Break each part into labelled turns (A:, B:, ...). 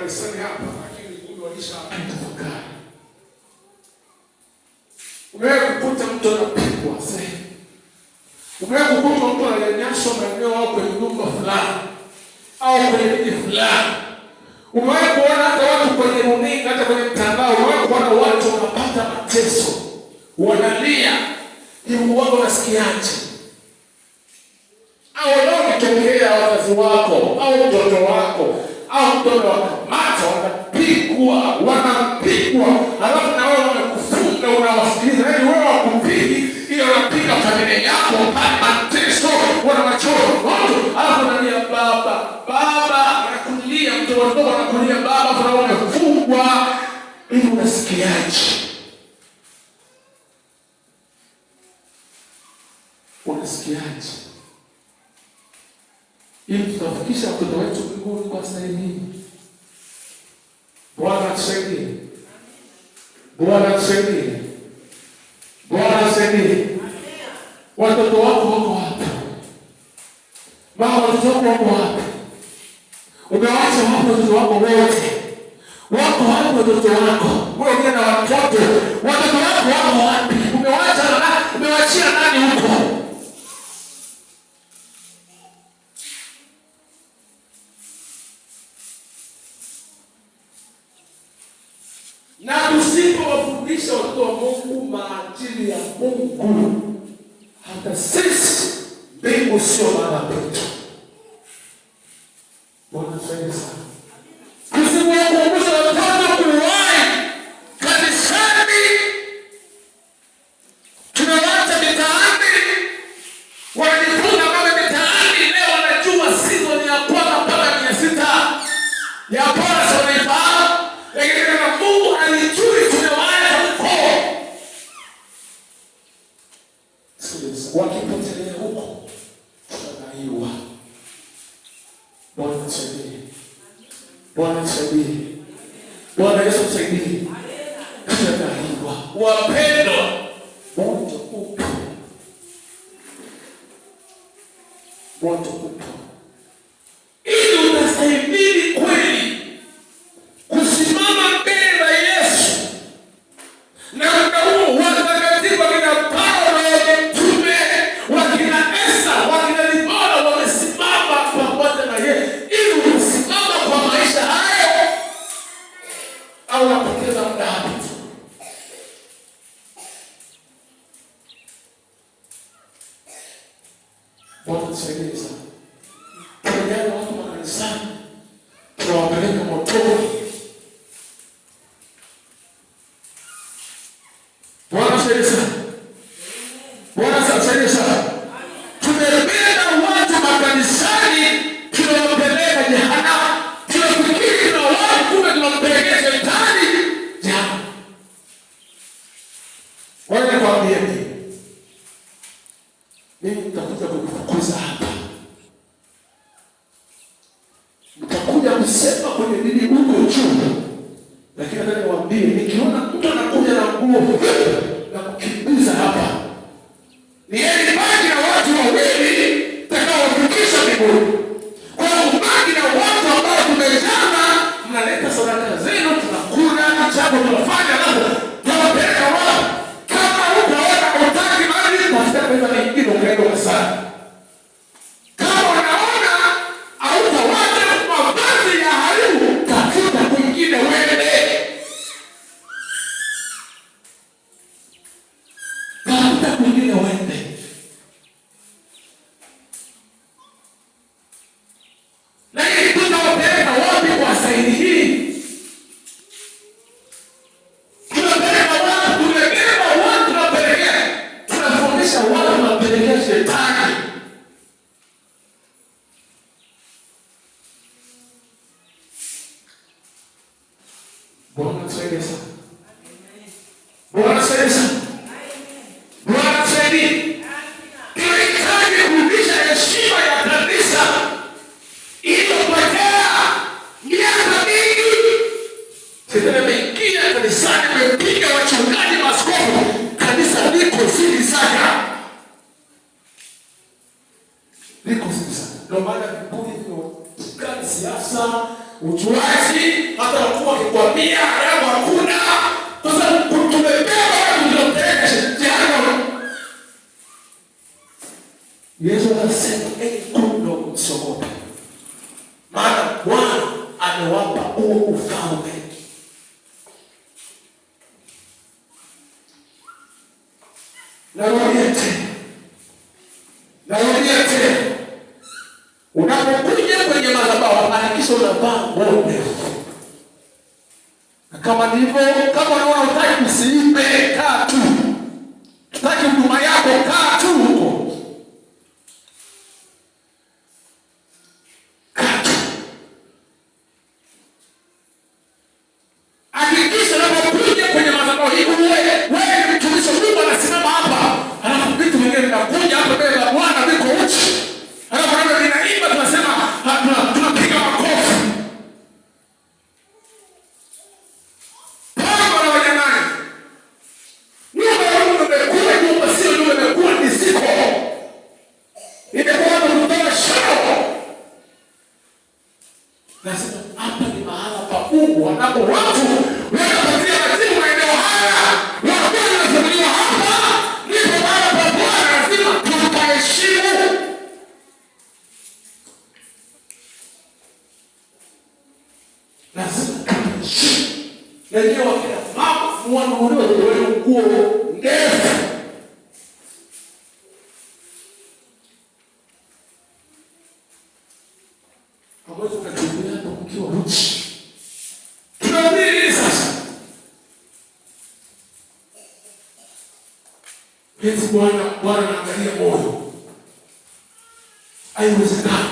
A: kanisani hapa, lakini kumbe walishapita. Umewahi kukuta mtu anapigwa? Umewahi kukuta mtu ananyanyaswa maeneo au kwenye nyumba fulani au kwenye miji fulani? Umewahi kuona hata watu kwenye runinga, hata kwenye mtandao, umewahi kuona watu wanapata mateso, wanalia iuwaga, wasikiaje? Au wanaonitokea wazazi wako au mtoto wako au mtoto wako ili tutafikisha watoto wetu mbinguni kwa sahihi. Bwana tusaidie, Bwana tusaidie, Bwana tusaidie watoto wako ajili ya Mungu, hata sisi mbingu sio mahali watu kupita muito o Kuna jambo tunafanya Io sono sempre e tu non so come. kuwanunulia watoto nguo ndefu. Hawezi ukatembea hapo mkiwa uchi. Tunahubiri sasa? Penzi Bwana, Bwana anaangalia moyo. Haiwezekani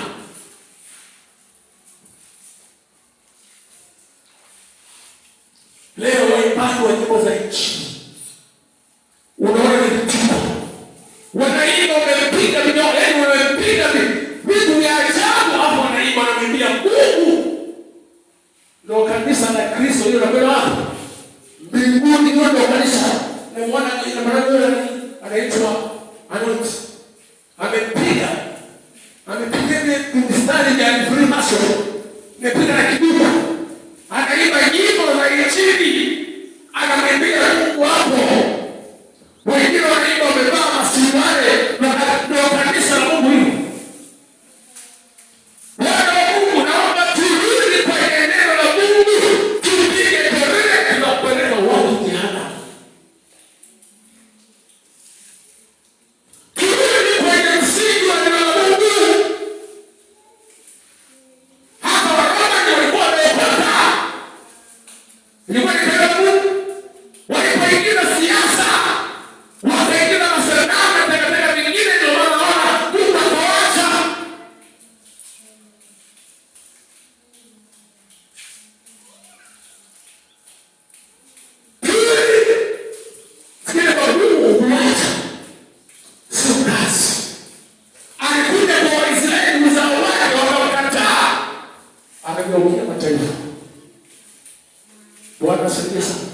A: imani wa nyimbo za nchi wanasaidia sana,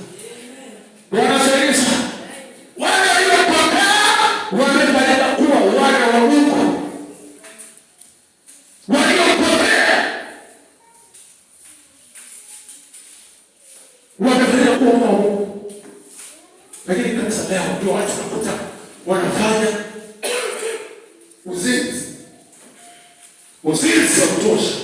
A: Wale waliopotea wamepeleka kuwa wana wa Mungu, waliopotea wamepeleka kuwa wana wa Mungu. Lakini kanisa leo ndio watu nakuta wanafanya uzinzi, uzinzi wa kutosha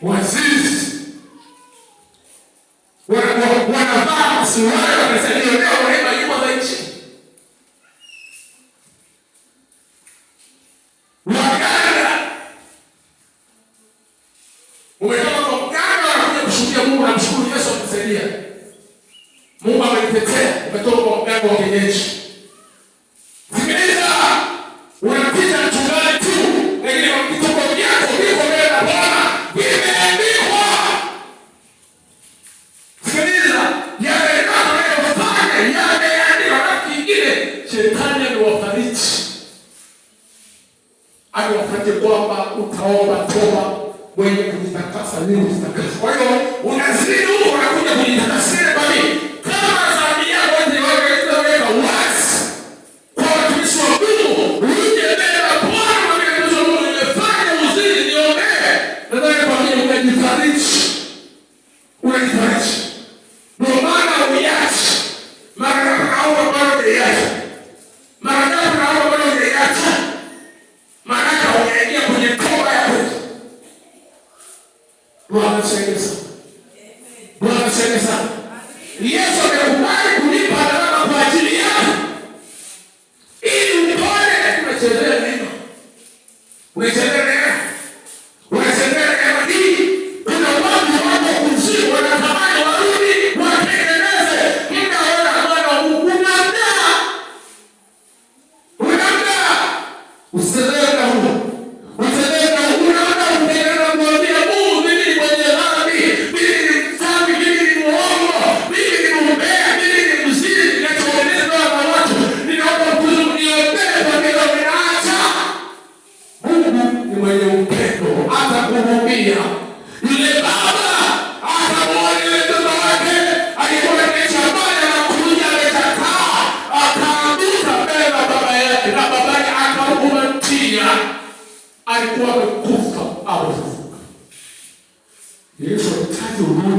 A: 我是。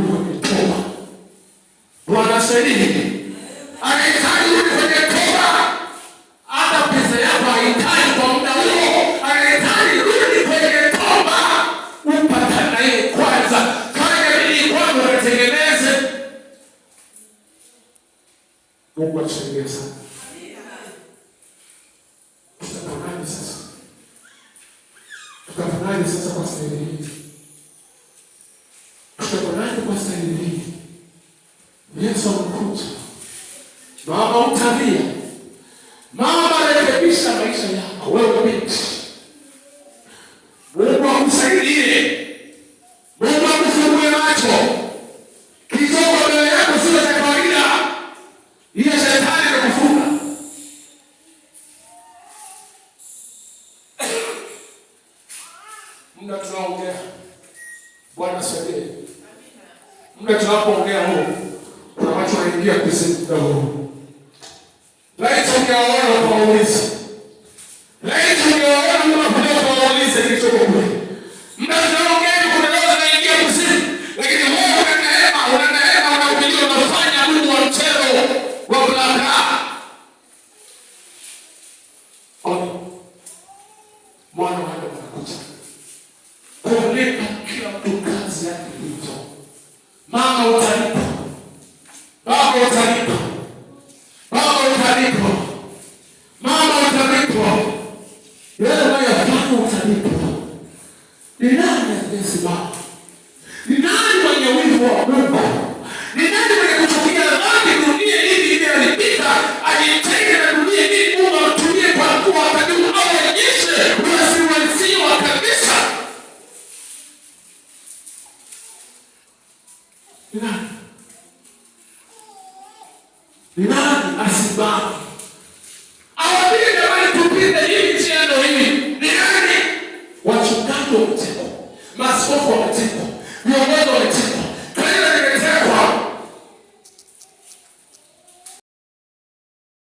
A: wanadamu wametoka, wanastahili hili kuwasaidia. Yesu amkuta mama, utalia mama, rekebisha maisha yako wewe binti. Mungu akusaidie, Mungu akufungue macho. Kidogo mbele yako sio cha kawaida, hiyo shetani anakufunga. Mna tunaongea Bwana saidie muda tunapoongea huu kuna watu wanaingia huu. Laiti ungewaona kwa ulizi, laiti ungewaona unakuja kwa ulizi kilichoko kule. Muda tunaongea kuna leo tunaingia kesi, lakini Mungu ana neema, una neema, una ubilio, unafanya Mungu wa mchelo wa baraka. Mwana wangu anakuja